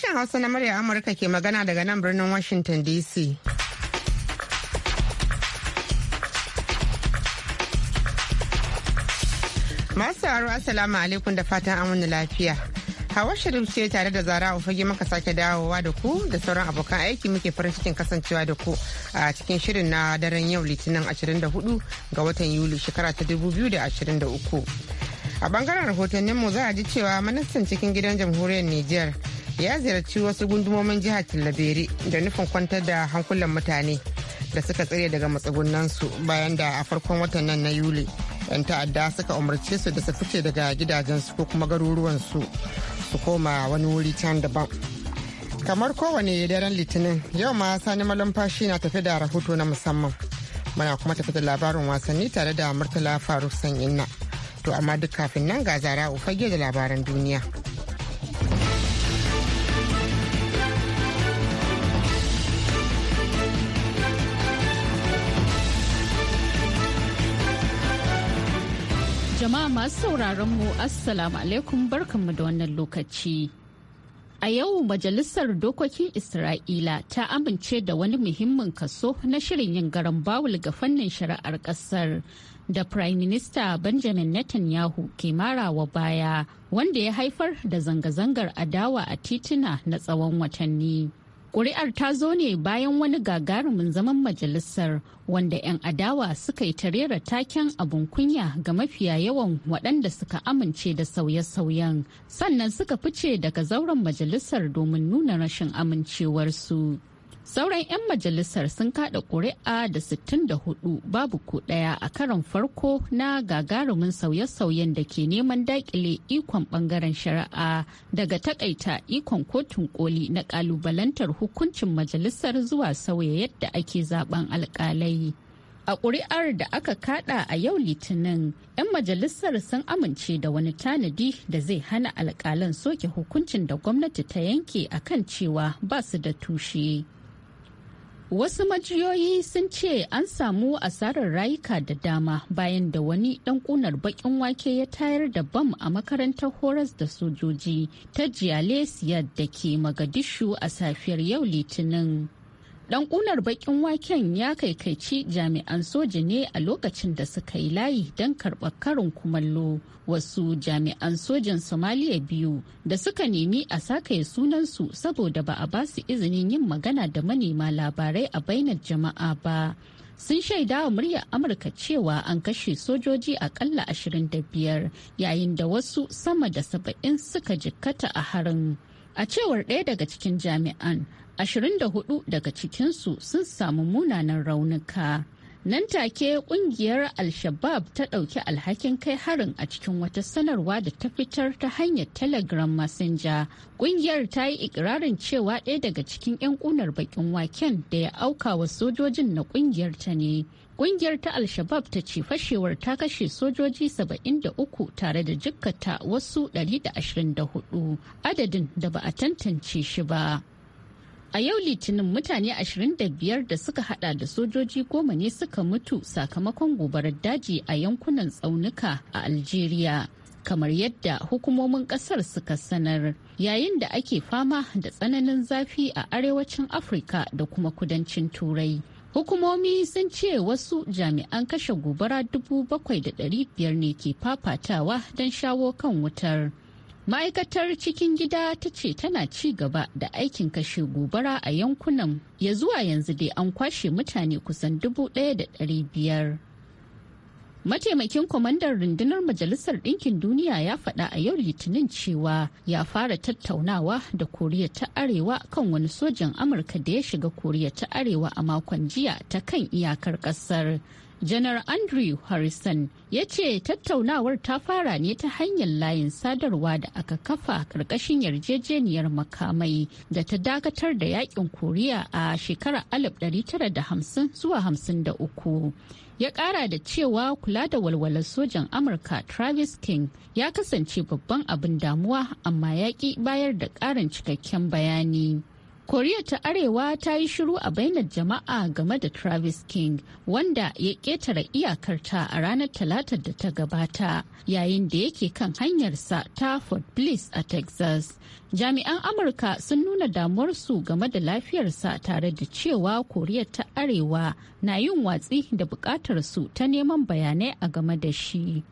Sashen Hausa na murya Amurka ke magana daga nan birnin Washington DC. Masu aro Assalamu alaikum da fatan amurna lafiya. Hawa Sharif ce tare da Zara Ofage maka sake dawowa da ku da sauran abokan aiki muke farin cikin kasancewa da ku a cikin shirin na daren yau Litinin 24 ga watan Yuli shekara ta 2023. A bangaren rahotanninmu za a ji cewa ministan cikin gidan jamhuriyar Niger. ya ziyarci wasu gundumomin jihar tillabere da nufin kwantar da hankulan mutane da suka tsire daga su bayan da a farkon watan nan na yuli 'yan ta'adda suka umarce su da su fice daga gidajensu ko kuma garuruwansu su koma wani wuri can daban kamar kowane daren litinin yau ma sani malumfashi na tafi da rahoto na musamman muna kuma tafi da labarin wasanni tare da murtala faruk san inna to amma duk kafin nan ga zara ufage da labaran duniya. Jama'a masu sauraron mu Assalamu alaikum barkanmu da wannan lokaci. A yau Majalisar Dokokin Isra'ila ta amince da wani muhimmin kaso na shirin yin garan bawul ga fannin shari'ar ƙasar da Prime Minister Benjamin Netanyahu ke marawa baya wanda ya haifar da zanga-zangar adawa a tituna na tsawon watanni. Ƙuri'ar ta zo ne bayan wani gagarumin zaman majalisar wanda 'yan adawa suka yi tarera taken abun kunya ga mafiya yawan waɗanda suka amince da sauye-sauyen sannan suka fice daga zauren majalisar domin nuna rashin amincewarsu. Sauran 'yan majalisar sun kada ƙuri'a da 64 babu ko daya a karon farko na gagarumin sauye-sauyen da ke neman daƙile ikon ɓangaren shari'a daga takaita ikon kotun koli na ƙalubalantar hukuncin majalisar zuwa sauya yadda ake zaben alƙalai. a ƙuri'ar da aka kada a yau litinin 'yan majalisar sun amince da wani tanadi da zai hana alƙalan soke hukuncin da gwamnati ta yanke akan cewa ba su da tushe Wasu majiyoyi sun ce an samu asarar rayuka da dama bayan da wani dan kunar bakin wake ya tayar da bam a makarantar horas da sojoji ta Jiyale da ke Magadishu a safiyar yau Litinin. dan kunar bakin waken ya kaikaici jami'an soja ne a lokacin da suka yi layi don karɓar karin kumallo wasu jami'an sojan somaliya biyu da suka nemi a sakaye sunansu saboda ba a ba su izinin yin magana da manema labarai a bainar jama'a ba sun shaida wa muryar amurka cewa an kashe sojoji akalla 25 yayin da wasu sama da saba'in suka jikkata a harin a cewar ɗaya daga cikin jami'an 24 daga cikinsu sun samu munanan raunuka. Nan take kungiyar Al-Shabab ta ɗauki alhakin kai harin a cikin wata sanarwa da ta fitar ta hanyar Telegram Messenger. Kungiyar ta yi ikirarin cewa ɗaya daga cikin 'yan ƙunar bakin waken da ya auka wa sojojin na kungiyar ta ne. Kungiyar ta Al-Shabab ta ce fashewar ta kashe sojoji 73 tare da jikkata wasu 124 adadin da ba a tantance shi ba. A yau Litinin mutane 25 da suka hada da sojoji goma ne suka mutu sakamakon gobarar daji a yankunan tsaunuka a Algeria. kamar yadda hukumomin kasar suka sanar yayin da ake fama da tsananin zafi a arewacin afirka da kuma kudancin turai hukumomi sun ce wasu jami'an kashe gobara 7,500 ne ke fafatawa don shawo kan wutar ma'aikatar cikin gida ta ce tana ci gaba da aikin kashe gobara a yankunan ya zuwa yanzu dai an kwashe mutane kusan dubu ɗaya da ɗari biyar. mataimakin kwamandan rundunar majalisar ɗinkin duniya ya faɗa a yau litinin cewa ya fara tattaunawa da koriya ta arewa kan wani sojan amurka da ya shiga koriya ta arewa a makon jiya ta kan iyakar ƙasar janar andrew harrison ya ce tattaunawar ta fara ne ta hanyar layin sadarwa da aka kafa karkashin yarjejeniyar makamai da ta dakatar da yakin koriya a shekarar 1950 zuwa 53 ya kara da cewa kula da walwalar sojan amurka travis king ya kasance babban abin damuwa amma yaƙi bayar da ƙarin cikakken bayani koriya ta arewa ta yi shiru a bainar jama'a game da travis king wanda ya ƙetare iyakarta a ranar talata da ta gabata yayin da yake kan hanyarsa ta fort bliss a texas jami'an amurka sun nuna damuwarsu game da lafiyarsa tare da cewa koriya ta arewa na yin watsi da bukatar su ta neman bayanai a game da shi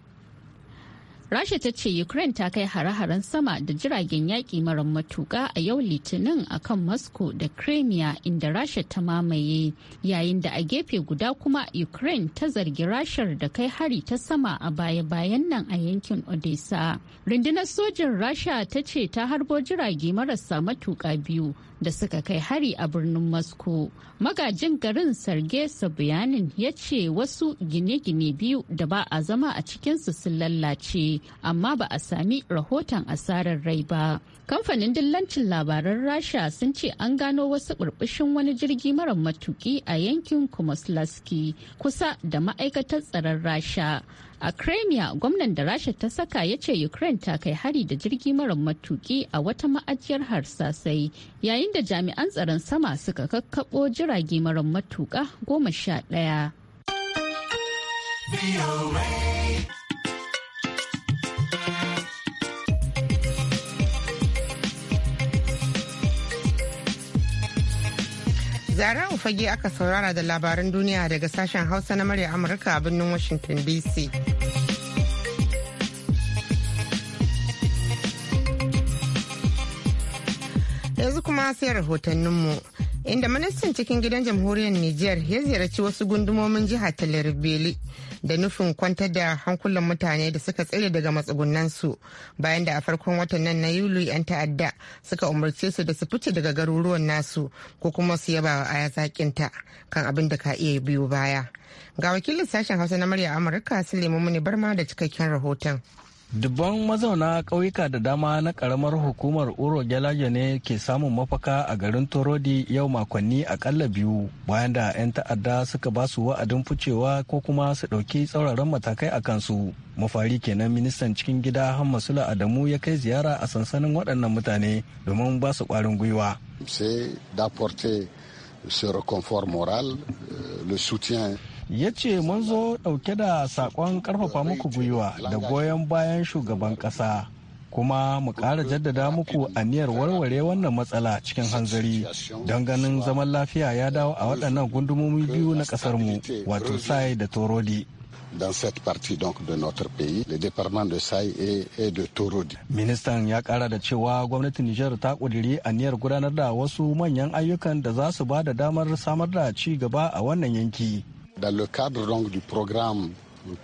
Rasha ta ce Ukraine ta kai hare-haren sama da jiragen yaƙi mara matuƙa a yau Litinin a kan Moscow da Crimea inda Rasha ta mamaye yayin da a gefe guda kuma Ukraine ta zargi Rashar da kai hari ta sama a baya-bayan nan a yankin Odessa. Rundunar sojin Rasha ta ce ta harbo jirage marasa matuƙa biyu da suka kai hari a birnin Moscow. Magajin garin Sarge Sobyanin ya ce wasu gine-gine biyu da ba a zama a cikinsu sun lallace. amma ba a sami rahoton asarar rai ba kamfanin dillancin labaran rasha sun ce an gano wasu burbushin wani jirgi mara matuki a yankin kumaslaski kusa da ma'aikatar tsaron rasha a crimea gwamnan da rasha ta saka ya ce ukraine ta kai hari da jirgi mara matuki a wata ma'ajiyar harsasai yayin da jami'an tsaron sama suka kakkaɓo jirage mara matuka goma sha ɗaya. Zara fage aka saurara da labaran duniya daga sashen Hausa na murya Amurka a birnin Washington DC. Yanzu kuma sai rahotanninmu. inda ministan cikin gidan jamhuriyar niger ya ziyarci wasu gundumomin jihar tel-le-bele. da nufin kwantar da hankulan mutane da suka tsere daga matsugunansu bayan da a farkon watan nan na yuli 'yan ta'adda suka umarce su da su fice daga garuruwan nasu ko kuma su yaba wa aya ta kan abin da ka iya biyo baya ga wakilin sashen hausa na murya amurka su lemu muni barma da cikakken rahoton Dubban mazauna ƙauyuka da dama na ƙaramar hukumar Uro Gyalaje ne ke samun mafaka a garin Torodi yau makonni aƙalla biyu bayan da 'yan ta'adda suka ba su wa'adin ficewa ko kuma su ɗauki tsauraran matakai a kansu. Mafari kenan ministan cikin gida Hammasula Adamu ya kai ziyara a sansanin waɗannan mutane domin ba su ƙwarin gwiwa. sai d'apporter moral, euh, ya ce mun zo ɗauke da sakon karfafa muku gwiwa da goyon bayan shugaban kasa kuma mu ƙara jaddada muku aniyar warware wannan matsala cikin hanzari don ganin zaman lafiya ya dawo a waɗannan gundumomi biyu na mu wato sai da torodi dans cette Ministan ya kara da cewa gwamnatin Nijar ta kudiri aniyar gudanar da wasu manyan ayyukan da za su ba da damar samar da ci gaba a wannan yanki. Dans le cadre donc du programme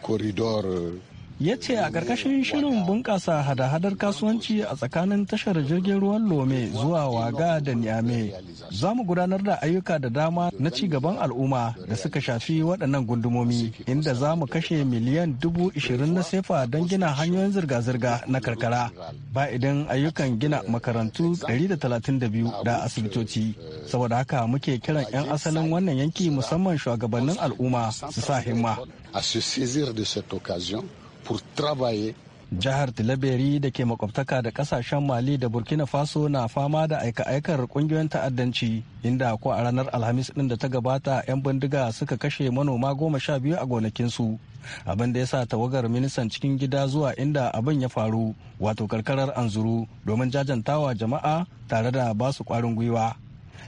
Corridor euh, ya ce a ƙarƙashin shirin bunƙasa hada-hadar kasuwanci a tsakanin tashar jirgin ruwan lome zuwa waga da niame za mu gudanar da ayyuka da dama na ci gaban al'umma da suka shafi waɗannan gundumomi inda za mu kashe miliyan dubu ishirin na sefa don gina hanyoyin zirga-zirga na karkara ba idan ayyukan gina makarantu 132 da asibitoci saboda haka muke kiran 'yan asalin wannan yanki musamman shugabannin al'umma su sa himma. pour travailler Jihar Tilaberi da ke makwabtaka da kasashen Mali da Burkina Faso na fama da aika-aikar kungiyoyin ta'addanci inda ko a ranar Alhamis din da ta gabata 'yan bindiga suka kashe manoma goma sha biyu a gonakinsu. Abin da ya sa tawagar ministan cikin gida zuwa inda abin ya faru wato karkarar anzuru domin jajantawa jama'a tare da basu kwarin gwiwa.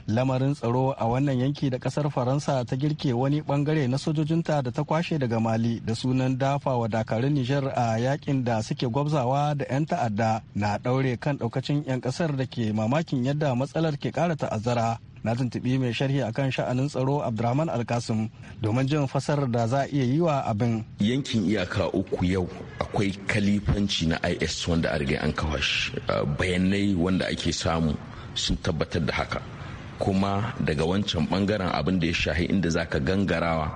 lamarin tsaro a wannan yanki da kasar faransa ta girke wani bangare na sojojinta da ta kwashe daga mali da sunan dafa wa dakarun nijar a yakin da suke gwabzawa da 'yan ta'adda na daure kan daukacin 'yan kasar da ke mamakin yadda matsalar ke kara ta'azzara na tuntubi mai sharhi a kan sha'anin tsaro abdurrahman alkasim domin jin fasar da za a iya yi wa abin yankin iyaka uku yau akwai kalifanci na is wanda a riga an kawashe bayanai wanda ake samu sun tabbatar da haka kuma daga wancan bangaren abin da ya shahi inda za ka gangarawa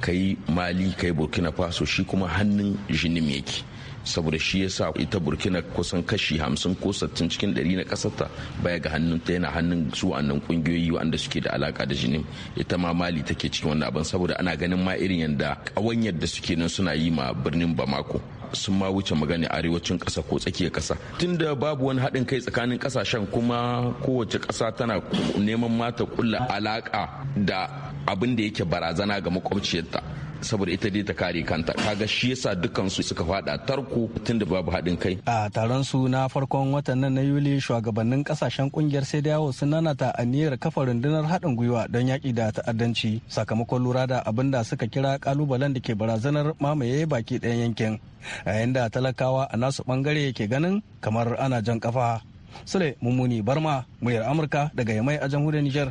kai mali kai burkina faso shi kuma hannun jinim yake saboda shi ya sa ita burkina kusan kashi hamsin ko sattin cikin ɗari na kasarta baya ga hannun ta yana hannun su wa'annan ƙungiyoyi wanda suke da alaka da jinim ita ma mali take cikin wannan abin saboda ana ganin ma irin yadda ƙawanyar da suke nan suna yi ma birnin bamako sun ma wuce magana arewacin ƙasa ko tsakiyar ƙasa tunda babu wani haɗin kai tsakanin ƙasashen kuma kowace ƙasa tana neman mata kulla alaƙa da abin da yake barazana ga makwabciyarta saboda ita dai ta kare kanta kaga shi yasa dukkan su suka fada tarko tun da babu haɗin kai a taron su na farkon watan nan na yuli shugabannin kasashen kungiyar sai yawo sun nanata aniyar kafa rundunar haɗin gwiwa don yaƙi da ta'addanci sakamakon lura da abin da suka kira kalubalen da ke barazanar mamaye baki ɗayan yankin yayin da talakawa a nasu bangare ke ganin kamar ana jan kafa sule mummuni barma muyar amurka daga yamai a jamhuriyar nijar.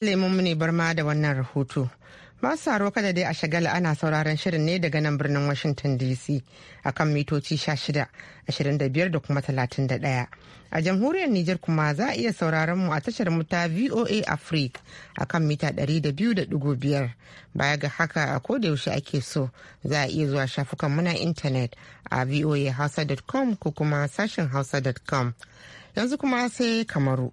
Lemun ne barma da wannan rahoto. Masu saro kada dai a shagala ana sauraron shirin ne daga nan birnin Washington DC a kan mitoci 16, 25 da kuma 31. A jamhuriyar Nijar kuma za a iya sauraron mu a tashar muta VOA Africa a kan mita 200.5. Baya ga haka a yaushe ake so za a iya zuwa shafukan muna intanet a voahausa.com ko kuma sashen hausa.com. Yanzu kuma sai kamaru.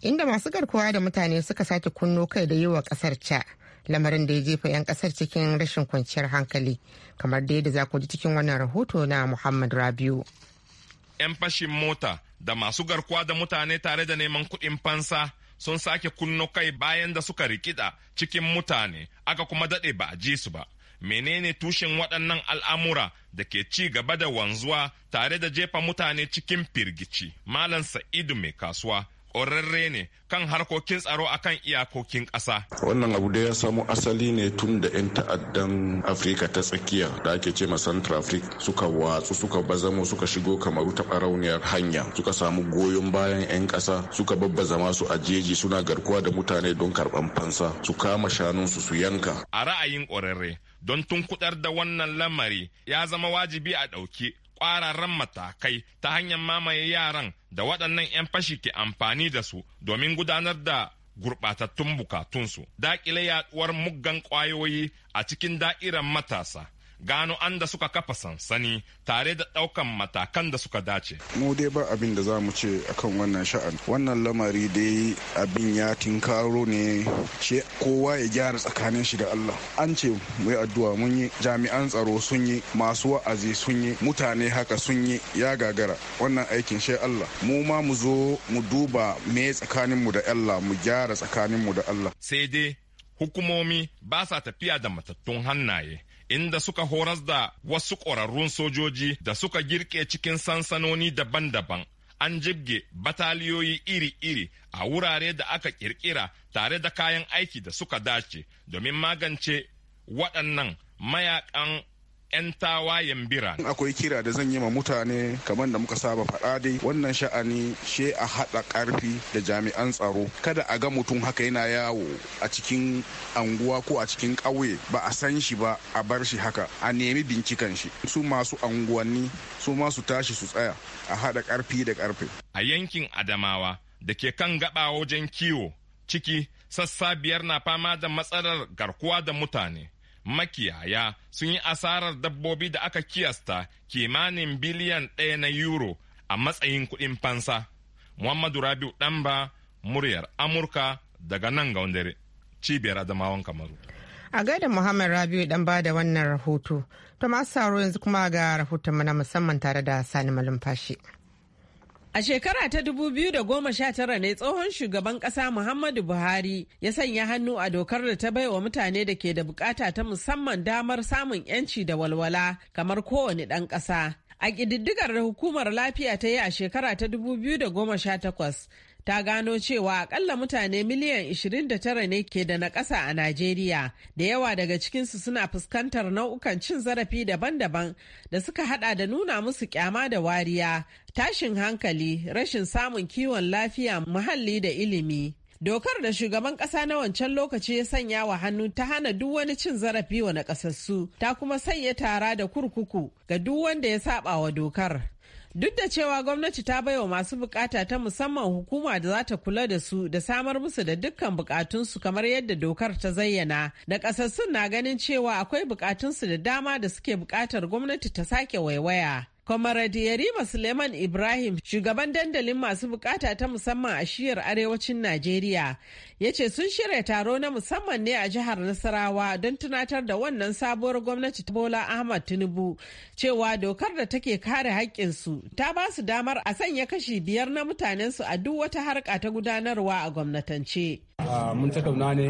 inda masu garkuwa da mutane suka sake kunno kai da yi wa kasar ca lamarin da ya jefa 'yan kasar cikin rashin kwanciyar hankali kamar da yadda za ku ji cikin wannan rahoto na muhammad rabiu 'yan fashin mota da masu garkuwa da mutane tare da neman kuɗin fansa sun sake kunno kai bayan da suka rikida cikin mutane aka kuma daɗe ba a ji su ba menene tushen waɗannan al'amura da ke ci gaba da wanzuwa tare da jefa mutane cikin firgici malam sa'idu mai kasuwa ƙwararre ne kan harkokin tsaro akan iyakokin ƙasa. Wannan abu da ya samo asali ne tun da 'yan ta'addan Afirka ta tsakiya da ake ce ma Central Africa suka watsu suka bazamo suka shigo kamaru ta barauniyar hanya suka samu goyon bayan 'yan ƙasa suka babbaza masu a jeji suna garkuwa da mutane don karɓan fansa su kama shanunsu su yanka. A ra'ayin ƙwararre don tun da wannan lamari ya zama wajibi a ɗauki kwararan matakai ta hanyar mamaye yaran da waɗannan 'yan fashi ke amfani da su domin gudanar da gurɓatattun bukatunsu, daƙile yaɗuwar muggan ƙwayoyi a cikin da'irar matasa. gano an da suka kafa sansani tare da ɗaukan matakan da suka dace. Mu dai ba abin da za mu ce akan wannan sha'an. Wannan lamari dai abin ya tinkaro ne ce kowa ya gyara tsakanin shi da Allah. An ce mu yi addu'a mun yi jami'an tsaro sun yi masu wa'azi sun yi mutane haka sun yi ya gagara wannan aikin shi Allah. Mu ma mu zo mu duba me tsakanin mu da Allah mu gyara tsakanin mu da Allah. Sai dai hukumomi ba sa tafiya da matattun hannaye. inda suka horas da wasu ƙwararrun sojoji da suka girke cikin sansanoni daban-daban. An jibge bataliyoyi iri-iri a wurare da aka ƙirƙira tare da kayan aiki da suka dace domin magance waɗannan mayakan 'yan tawayen bira. Akwai kira da zan yi ma mutane kamar da muka saba faɗa dai wannan sha'ani she a haɗa ƙarfi da jami'an tsaro. Kada a ga mutum haka yana yawo a cikin anguwa ko a cikin ƙauye ba a san shi ba a bar shi haka a nemi binciken shi. Su masu anguwanni su masu tashi su tsaya a haɗa ƙarfi da ƙarfe. A yankin Adamawa da ke kan gaba wajen kiwo ciki sassa biyar na fama da matsalar garkuwa da mutane. makiyaya sun yi asarar dabbobi da aka kiyasta kimanin biliyan ɗaya na euro a matsayin kuɗin fansa. Muhammadu Rabiu Ɗanba, muryar Amurka daga nan ga wanda cibiyar Adamawan Kamaru. A gaida Muhammad Rabiu Ɗanba da wannan rahoto, to masu yanzu kuma ga rahoton na musamman tare da Sani Malumfashi. A shekara ta 2019 ne tsohon shugaban ƙasa Muhammadu Buhari ya sanya hannu a dokar da ta baiwa mutane da ke da bukata ta musamman damar samun 'yanci da walwala kamar kowane ɗan ƙasa. A ƙididdigar da hukumar lafiya ta yi a shekara ta 2018 ta gano cewa akalla mutane miliyan 29 ne ke da na ƙasa a Najeriya, da yawa daga cikinsu suna fuskantar nau'ukan cin zarafi daban-daban da suka hada da nuna musu kyama da wariya, tashin hankali, rashin samun kiwon lafiya, muhalli da ilimi. Dokar da shugaban ƙasa na wancan lokaci ya sanya wa hannu ta hana duk wani cin zarafi wa ƙasassu ta kuma sanya tara da kurkuku ga duk wanda ya saba wa dokar. Duk da cewa gwamnati ta baiwa masu bukata ta musamman hukuma da za ta kula da su da samar musu da dukkan bukatunsu kamar yadda dokar ta zayyana, da kasassun na ganin cewa akwai bukatunsu da dama da suke bukatar gwamnati ta sake waiwaya. Kwamaradi Yarima Suleiman Ibrahim, shugaban dandalin masu bukata ta musamman a shiyar arewacin Najeriya, ya ce sun shirya taro na musamman ne a jihar Nasarawa don tunatar da wannan sabuwar gwamnati ta Bola Ahmad Tinubu cewa dokar da take kare haƙƙinsu ta ba su damar a sanya kashi biyar na mutanensu a duk wata harka ta gudanarwa a gwamnatance. Ah, mun tattauna ne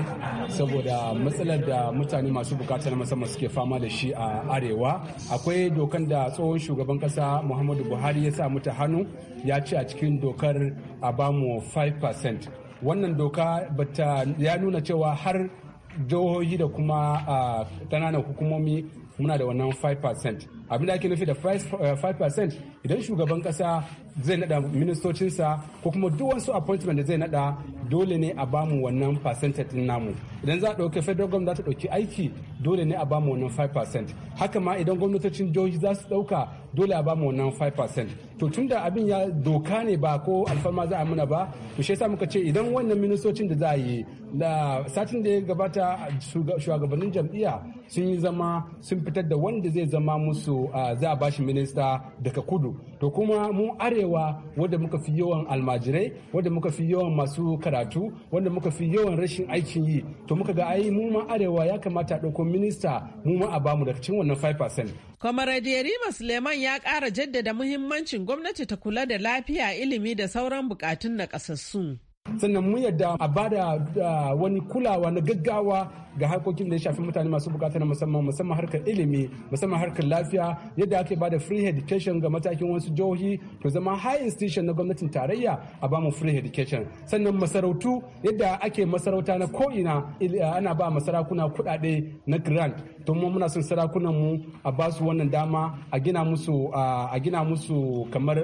saboda matsalar da mutane masu bukatar musamman suke fama da shi a arewa akwai dokan da tsohon shugaban kasa muhammadu buhari ya sa mata hannu ya ce a cikin dokar a bamu 5% wannan doka bata ya nuna cewa har jihohi da kuma ah, ƙananan hukumomi muna da wannan 5% abin da ake nufi da 5% eh, idan shugaban kasa zai nada ministocinsa ko kuma duk wasu appointment da zai nada dole ne a bamu wannan percentage din namu idan za a dauke federal government za ta dauki aiki dole ne a bamu wannan 5% haka ma idan gwamnatocin jihohi za su dauka dole a bamu wannan 5% to tunda abin ya doka ne ba ko alfarma za a muna ba to shi yasa muka ce idan wannan ministocin da za a yi da satin da ya gabata shugabannin jam'iyya sun yi zama sun fitar da wanda zai zama musu za a bashi minista daga kudu to kuma mu arewa wanda muka fi yawan almajirai wanda muka fi yawan masu karatu wanda muka fi yawan rashin aikin yi to muka ga ayi mu ma arewa ya kamata a ɗauko minista mu ma a bamu daga cikin wannan 5%. Kwamaradi Yarima Suleiman ya ƙara jaddada muhimmancin gwamnati ta kula da lafiya ilimi da sauran bukatun na ƙasassu. sannan mun yadda a bada wani kulawa na gaggawa ga harkokin da ya shafi mutane masu bukata na musamman musamman harkar ilimi musamman harkar lafiya yadda ake bada free education ga matakin wasu jihohi to zama high institution na gwamnatin tarayya a ba mu free education sannan masarautu yadda ake masarauta na ko'ina ana ba masarakuna kuɗaɗe na grant to mu muna son sarakunan mu a ba su wannan dama a gina musu a gina musu kamar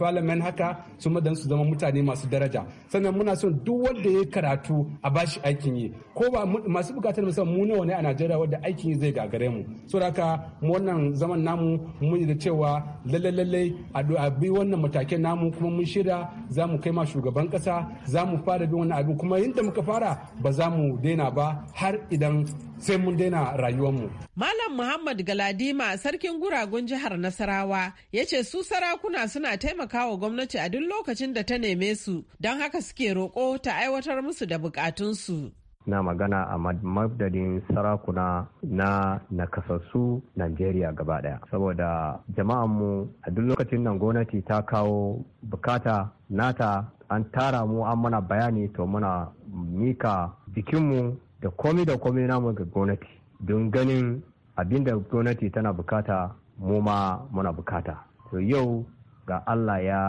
parliament haka su madan su zama mutane masu daraja sannan muna son duk wanda ya karatu a bashi aikin yi ko ba masu bukatar musamman mu nawa ne a Najeriya wanda aikin yi zai gagare mu saboda haka wannan zaman namu mun da cewa lalle lalle a bi wannan matakin namu kuma mun shirya za mu kai ma shugaban kasa za mu fara bin wannan abin kuma yadda muka fara ba za mu daina ba har idan sai mun daina rayuwarmu mu. Malam Muhammad Galadima sarkin guragun jihar Nasarawa ya ce su sarakuna suna taimakawa gwamnati a duk lokacin da ta neme su don haka suke roƙo ta aiwatar musu da bukatunsu. na magana a madadin sarakuna na nakasassu Najeriya gaba daya saboda jama'anmu a duk lokacin nan gwamnati ta kawo bukata nata an tara mu an mana bayani to muna mika jikinmu da komi da komi namu ga gwamnati don ganin abinda gwamnati tana bukata mu ma muna bukata to yau ga allah ya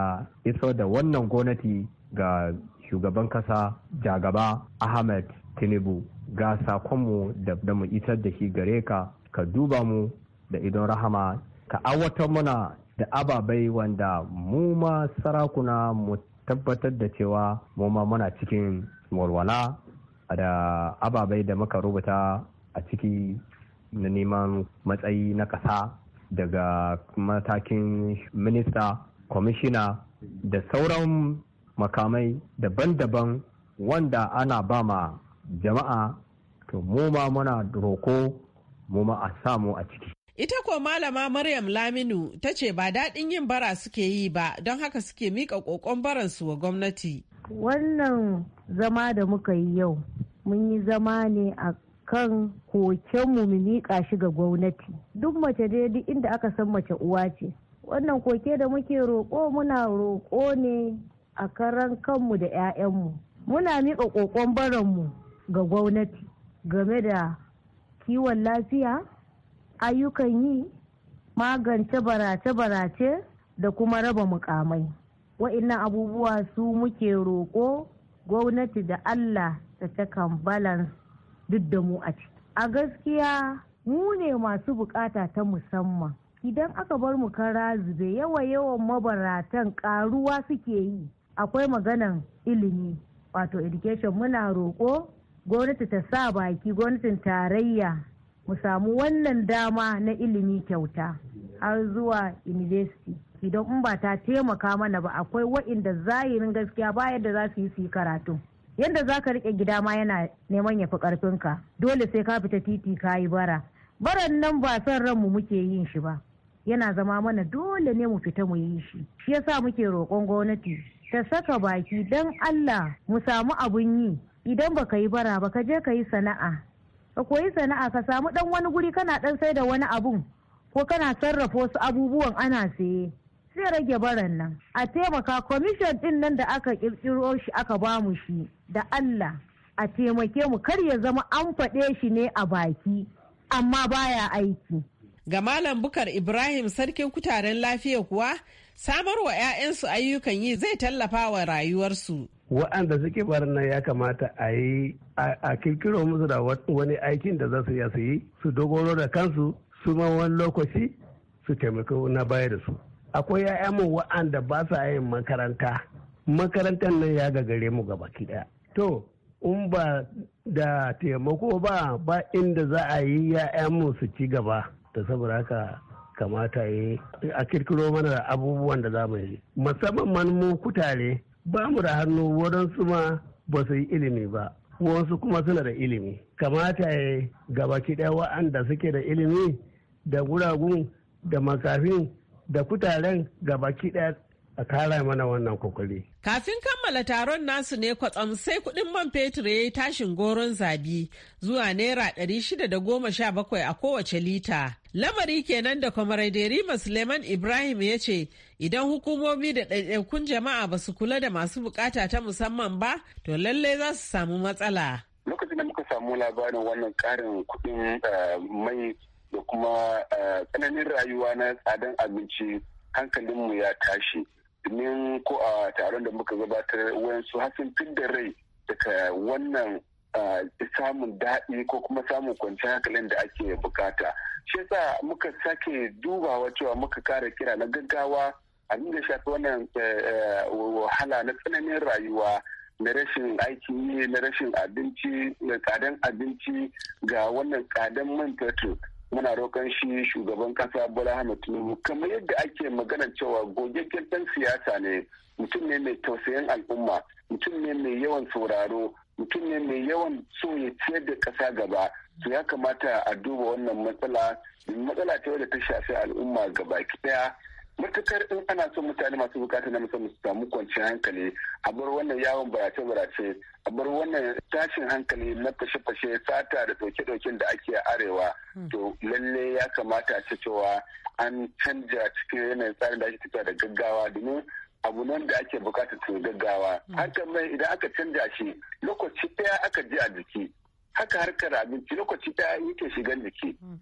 iso da wannan gwamnati ga shugaban kasa jagaba ahmed tinubu ga sakonmu da mu isar da shi gare ka ka duba mu da idon rahama ka awatar muna da ababai wanda mu ma sarakuna mu tabbatar da cewa mu ma muna cikin walwala da ababai da muka rubuta a ciki na neman matsayi na ƙasa daga matakin minista kwamishina da sauran makamai daban-daban wanda ana ba ma jama'a to mu ma muna roko mu ma a samu a ciki Ita ko malama Maryam Laminu ta ce ba daɗin yin bara suke yi ba don haka suke miƙa ƙoƙon baransu wa gwamnati. Wannan zama da muka yi yau, mun yi zama ne a kan kokenmu mu miƙa shi ga gwamnati duk mace dai duk inda aka san mace uwa ce wannan koke da muke roƙo muna roƙo ne a karan kanmu da 'ya'yanmu muna miƙa ƙoƙon baranmu ga gwamnati game da kiwon lafiya ayyukan yi magance barace-barace da kuma raba mukamai wa'innan abubuwa su muke roƙo gwamnati da allah ta takan balance duk da mu a ciki a gaskiya mu ne masu bukata ta musamman idan aka bar mu kara zube yawa yawan mabaratan karuwa suke yi akwai maganan ilimi wato education muna roƙo gwamnati ta sa baki gwamnatin tarayya mu samu wannan dama na ilimi kyauta har zuwa university idan in ba ta taimaka mana ba akwai wa'inda zahirin gaskiya bayan da za su yi su yi karatu yadda za ka riƙe gida ma yana neman ya fi ƙarfinka dole sai ka fita titi ka yi bara baran nan ba son ranmu muke yin shi ba yana zama mana dole ne mu fita mu yi shi shi yasa muke roƙon gwamnati ta saka baki don allah mu samu abun yi idan baka yi bara ba ka je ka yi sana'a ka koyi sana'a ka samu dan wani guri kana dan sai da wani abun ko kana sarrafa wasu abubuwan ana saye zai rage baran nan a taimaka kwamishin din nan da aka kirkiro shi aka bamu shi da Allah a taimake mu kar ya zama an faɗe shi ne a baki amma baya aiki ga malam bukar ibrahim sarkin kutaren lafiya kuwa samar wa 'ya'yansu ayyukan yi zai tallafa wa rayuwarsu wa'anda suke barna ya kamata a yi a kirkiro musu da wani aikin da za su yi su dogoro da kansu su ma wani lokaci su taimako na baya da su akwai ya'ya mu wa'anda ba sa yin makaranta makarantar nan ya gagare mu gaba daya to in ba da taimako ba ba inda za a yi ya'ya mu su ci gaba da saboda haka kamata yi a kirkiro mana da abubuwan da za mu yi musamman man mu kutare ba mu da hannu waɗansu ma ba su yi ilimi ba wasu kuma suna da ilimi kamata yi gaba kiɗa wa'anda suke da ilimi da guragun da makafin da kutaren baki ɗaya a kara mana wannan kokari. Kafin kammala taron nasu ne kwatsam sai kudin man fetur ya yi tashin goron zabi zuwa naira ɗari shida da goma sha bakwai a kowace lita. Lamari kenan da derima Suleiman Ibrahim ya ce idan hukumomi da ɗaiɗaikun jama'a ba su kula da masu bukata ta musamman ba to lallai za su samu matsala. Lokacin da muka samu labarin wannan ƙarin kuɗin eh, mai da kuma eh, tsananin rayuwa na tsadan abinci hankalinmu ya tashi domin ko a taron da muka gabatar wayansu hasin fin da rai daga wannan eh, samun daɗi ko kuma samun kwanciyar hankalin da ake bukata shi yasa muka sake dubawa cewa muka kara kira na gaggawa a da shafi wannan eh, wahala na tsananin rayuwa na rashin aikin yi na rashin abinci na tsadan abinci ga wannan tsadan man fetur muna roƙon shi shugaban kasa bola hana tinubu kamar yadda ake magana cewa gogaggen dan siyasa ne mutum ne mai tausayin al'umma mutum ne mai yawan sauraro mutum ne mai yawan so ya ciyar da ƙasa gaba to ya kamata a duba wannan matsala matsala ce wadda ta shafi al'umma gaba ɗaya matukar in ana son mutane masu bukata na musamman su samu kwanciyar hankali a bar wannan yawon barace barace a bar wannan tashin hankali na fashe fashe sata da doke ɗauken da ake arewa hmm. to lalle ya kamata ce cewa an canja cikin yanayin tsarin da ake tafiya da gaggawa domin abu hmm. nan da ake bukatar su gaggawa hankali mai idan aka canja shi lokaci ɗaya aka ji a jiki haka harkar abinci lokaci ta yake shigan jiki hmm.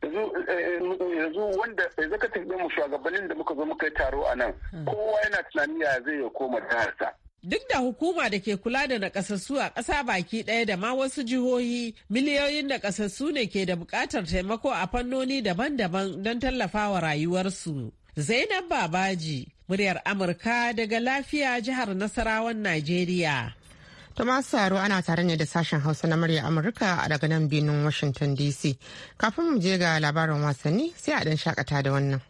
eh, yanzu wanda zaka tambaye mu shugabannin da muka zo muka yi taro a nan hmm. kowa yana tunani ya zai ya koma jiharsa Duk da hukuma da ke kula da nakasassu a ƙasa baki ɗaya da ma wasu jihohi, miliyoyin nakasassu ne ke da buƙatar taimako a fannoni daban-daban don tallafawa rayuwarsu. Zainab Babaji, muryar Amurka daga lafiya jihar Nasarawan Najeriya. ta masu saro ana tare ne da sashen hausa na murya amurka a daga nan binin washington dc kafin mu je ga labarin wasanni sai a dan shakata da wannan.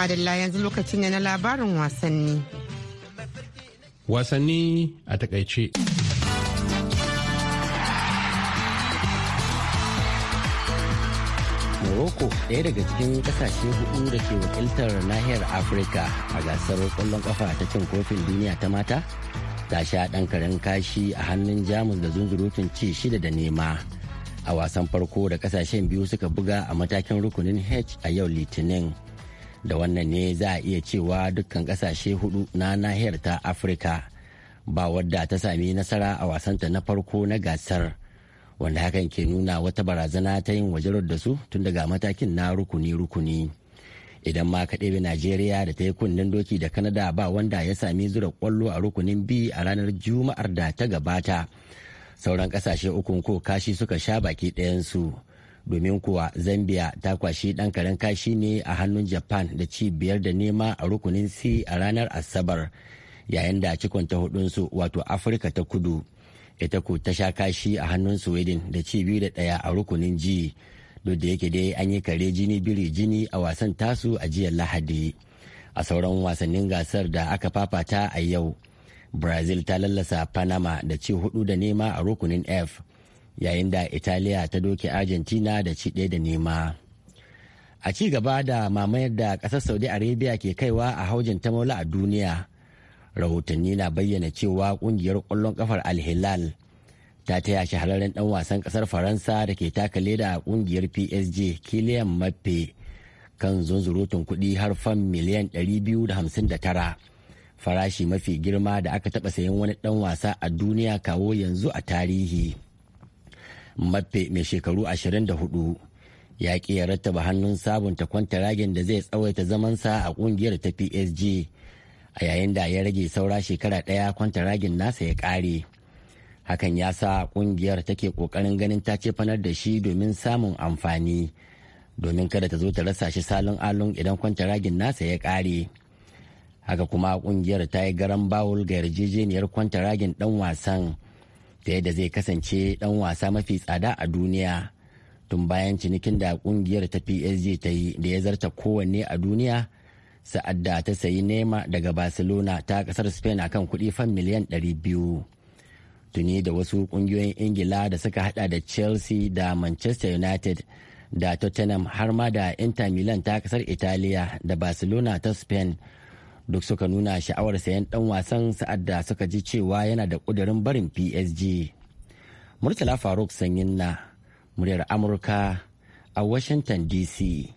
madalla yanzu lokacin ne na labarin wasanni. Wasanni a takaice. Morocco ɗaya daga cikin ƙasashe hudu da ke wakiltar nahiyar Afirka a gasar ƙwallon ƙafa ta cin kofin duniya ta mata, ta sha ɗan karen kashi a hannun Jamus da zunzurutun ci shida da nema. A wasan farko da ƙasashen biyu suka buga a matakin rukunin H a yau Litinin. da wannan ne za a iya cewa dukkan kasashe hudu na nahiyar ta afirka ba wadda ta sami nasara a wasanta na farko na gasar wanda hakan ke nuna wata barazana ta yin wajerar da su tun daga matakin na rukuni-rukuni idan ma ka ɗebe najeriya da ta yi kunnen doki da kanada ba wanda ya sami zura kwallo a rukunin b a ranar juma'ar da ta gabata sauran ƙasashe ukun ko kashi suka sha baki ɗayansu domin kuwa zambia ta kwashi ɗan karen kashi ne a hannun japan da ci biyar da nema a rukunin c a ranar asabar yayin da cikon ta hudunsu wato afirka ta kudu ita ku ta sha kashi a hannun sweden da ci biyu da ɗaya a rukunin ji duk da yake dai an yi kare jini biri jini a wasan tasu a jiya lahadi a sauran wasannin gasar da aka fafata a yau brazil ta lallasa panama da ci hudu da nema a rukunin f yayin da italiya ta doke argentina da ci ɗaya da nema a ci gaba da mamayar da ƙasar saudi arabia ke kaiwa a haujin ta maula a duniya rahotanni na bayyana cewa ƙungiyar ƙwallon ƙafar alhilal ta taya shahararren ɗan wasan ƙasar faransa da ke taka leda a ƙungiyar psg kilian mappe kan zunzurutun kuɗi har fan miliyan 259 farashi mafi girma da aka taɓa sayan wani ɗan wasa a duniya kawo yanzu a tarihi. Mafe mai shekaru 24 ya ƙi ya rattaba hannun sabunta kwantaragen da zai tsawaita zamansa a ƙungiyar ta PSG a yayin da ya rage saura shekara ɗaya kwantaragen nasa ya ƙare. Hakan ya sa ƙungiyar take ƙoƙarin ganin ta cefanar da shi domin samun amfani domin kada ta zo ta rasa shi salon alon idan kwantaragen nasa ya ƙare. Haka kuma ƙungiyar ta yi garan bawul ga yarjejeniyar kwantaragen ɗan wasan. ta yadda zai kasance dan wasa mafi tsada a duniya tun bayan cinikin da kungiyar ta psg ta yi da ya zarta kowanne a duniya sa'ad da ta sayi nema daga barcelona ta kasar spain akan kuɗi fan miliyan 200 tuni da wasu kungiyoyin ingila da suka hada da chelsea da manchester united da tottenham har ma da inter milan ta kasar italiya da barcelona ta spain duk suka nuna sha'awar sayan dan wasan sa'ad da suka ji cewa yana da kudirin barin PSG. Murtala Faruk Sanyin na muryar Amurka a Washington DC.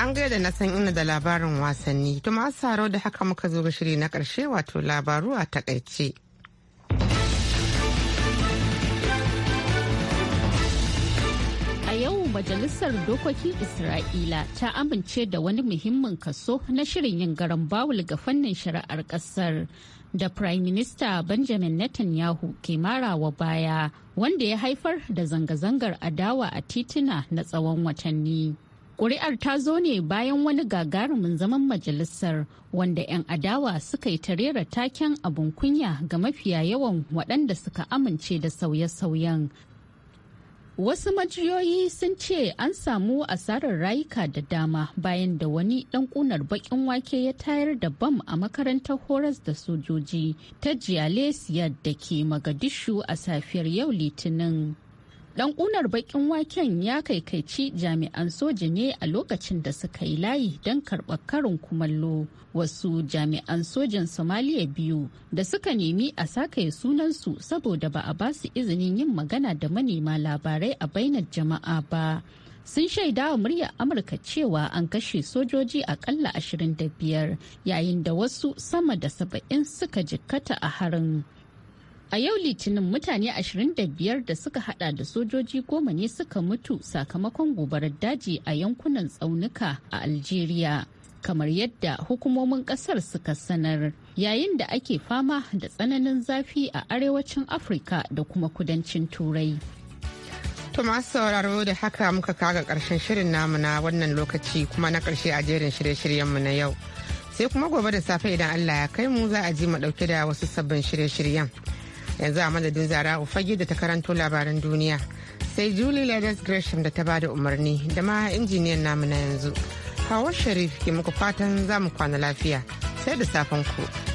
An gaida na san ina da labarin wasanni, tuma saro da haka muka zo ga shiri na ƙarshe wato labaru a takaice. Majalisar Dokokin Isra'ila ta amince da wani muhimmin kaso na shirin yin garan bawul ga fannin shari'ar ƙasar da Prime Minister Benjamin Netanyahu ke wa baya wanda ya haifar da zanga-zangar adawa a tituna na tsawon watanni. kuri'ar ta zo ne bayan wani gagarumin zaman majalisar wanda 'yan adawa suka yi tarera taken abin kunya ga mafiya yawan waɗanda suka amince da sauye-sauyen Wasu majiyoyi sun ce an samu asarar rayuka da dama bayan da wani ɗan ƙunar baƙin wake ya tayar da bam a makarantar horas da sojoji ta jiyalesiyar da ke Magadishu a safiyar yau Litinin. dan unar bakin waken ya kaikaici jami'an soja ne a lokacin da suka yi layi don karɓar karin kumallo wasu jami'an sojan somaliya biyu da suka nemi a sakaye sunansu saboda ba a basu izinin yin magana da manema labarai a bainar jama'a ba sun shaida wa muryar amurka cewa an kashe sojoji akalla 25 yayin da wasu sama da saba'in suka jikkata a harin A yau Litinin mutane 25 da suka hada da sojoji goma ne suka mutu sakamakon gobarar daji a yankunan tsaunuka a Algeria. kamar yadda hukumomin kasar suka sanar yayin da ake fama da tsananin zafi a arewacin afirka da kuma kudancin turai To masu sauraro da haka muka kaga karshen shirin namu na wannan lokaci kuma na karshe a jerin shirye-shiryenmu na yau. Sai kuma gobe da safe idan Allah ya kai mu za a ji mu dauke da wasu sabbin shirye-shiryen. yanzu a madadin zara fage da ta karanto labaran duniya sai julie ladis gresham da ta bada umarni da ma injiniyan namu na yanzu kawo sharif ke muku fatan za mu kwana lafiya sai da safen ku.